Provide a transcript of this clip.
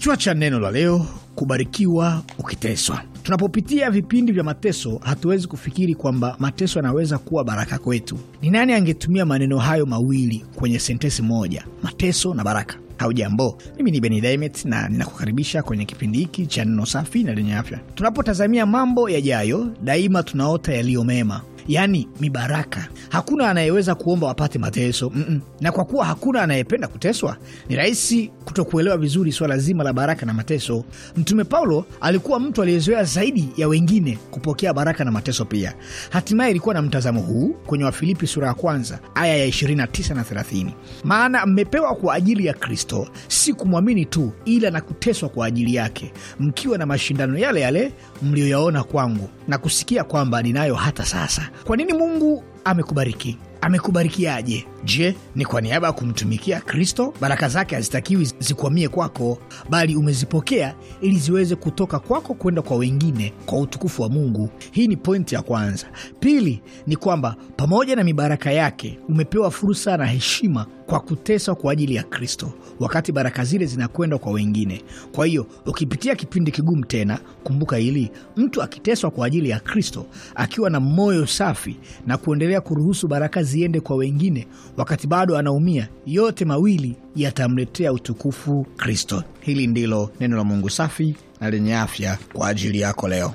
Kichwa cha neno la leo: kubarikiwa ukiteswa. Tunapopitia vipindi vya mateso, hatuwezi kufikiri kwamba mateso yanaweza kuwa baraka kwetu. Ni nani angetumia maneno hayo mawili kwenye sentensi moja, mateso na baraka? Haujambo, mimi ni Beni Dimet na ninakukaribisha kwenye kipindi hiki cha neno safi na lenye afya. Tunapotazamia mambo yajayo, daima tunaota yaliyo mema, yaani mibaraka. Hakuna anayeweza kuomba wapate mateso mm -mm. Na kwa kuwa hakuna anayependa kuteswa, ni rahisi kutokuelewa vizuri swala zima la baraka na mateso. Mtume Paulo alikuwa mtu aliyezoea zaidi ya wengine kupokea baraka na mateso pia. Hatimaye ilikuwa na mtazamo huu kwenye Wafilipi sura ya kwanza aya ya 29 na 30, maana mmepewa kwa ajili ya Kristo si kumwamini tu, ila na kuteswa kwa ajili yake, mkiwa na mashindano yale yale mliyoyaona kwangu na kusikia kwamba ninayo hata sasa kwa nini Mungu amekubariki? Amekubarikiaje? Je, ni kwa niaba ya kumtumikia Kristo? Baraka zake hazitakiwi zikwamie kwako, bali umezipokea ili ziweze kutoka kwako kwenda kwa wengine kwa utukufu wa Mungu. Hii ni pointi ya kwanza. Pili ni kwamba pamoja na mibaraka yake umepewa fursa na heshima kwa kuteswa kwa ajili ya Kristo, wakati baraka zile zinakwenda kwa wengine. Kwa hiyo ukipitia kipindi kigumu tena, kumbuka hili: mtu akiteswa kwa ajili ya Kristo, akiwa na moyo safi na kuendelea kuruhusu baraka ziende kwa wengine wakati bado anaumia, yote mawili yatamletea utukufu Kristo. Hili ndilo neno la Mungu safi na lenye afya kwa ajili yako leo.